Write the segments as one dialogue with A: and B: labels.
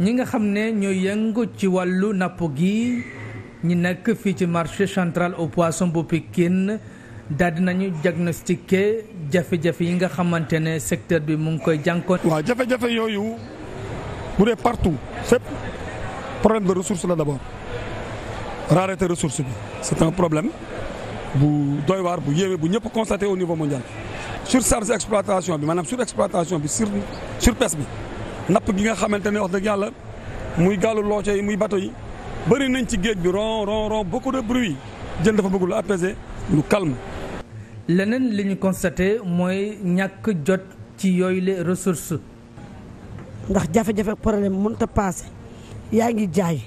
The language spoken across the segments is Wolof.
A: ñi nga xam ne ñooy yëngu ci wàllu napp gi ñi nekk fii ci marché central au poisson bu Pikine daal dinañu diagnostiqué jafe-jafe yi nga xamante ne secteur bi mu ngi koy jànkoon. waa jafe-jafe yooyu bu dee partout
B: fépp problème de ressource la d'abord rareté ressource bi c'est un problème bu doy waar bu yéeme bu ñëpp constaté au niveau mondial sur surcharge exploitation bi maanaam surexploitation bi sur surpêche bi. napp gi nga xamante ne wax dëgg yàlla muy gaalu looco yi muy bateau yi bëri nañ ci géej bi ron ron ron beaucoup de bruit jën dafa bëgg lu apaiser lu calme. leneen li ñu constaté mooy
A: ñàkk jot ci yooyu les ressources.
C: ndax jafe-jafe problème mënut a paase yaa ngi jaay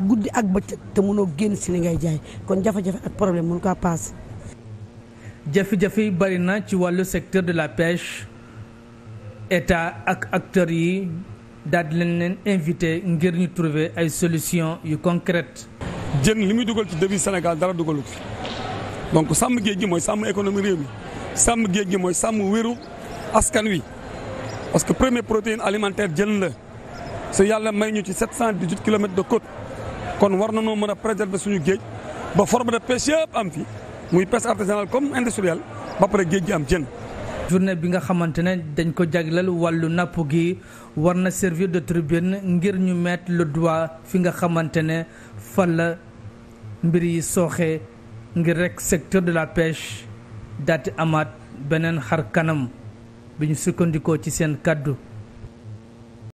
C: guddi ak bëccëg te mënoo génn si li ngay jaay kon jafe-jafe ak problème mënu kaa paase.
A: jafe-jafe yi bari na ci wàllu secteur de la pêche. état ak acteurs yi daal di leen leen invité ngir ñu trouver ay solution yu concrète jën li muy dugal ci devise Sénégal dara
B: dugalu ko donc sàmm géej gi mooy sàmm économie réew mi sàmm géej gi mooy sàmm wéru askan wi parce que premier protéine alimentaire jën la su yàlla may ñu ci 718 kilomètres de côte kon war na nañoo mën a préserver suñu géej ba forme de pêche yëpp am fi muy pêche artisanale comme industrielle ba pare géej gi am jën
A: journée bi nga xamante ne dañ ko jagleel wàllu napp gi war na servir de tribune ngir ñu mettre le doigt fi nga xamante ne fa la mbir yi sooxe ngir rek secteur de la pêche daati amaat beneen xar kanam bi ñu sukkandikoo ci seen kàddu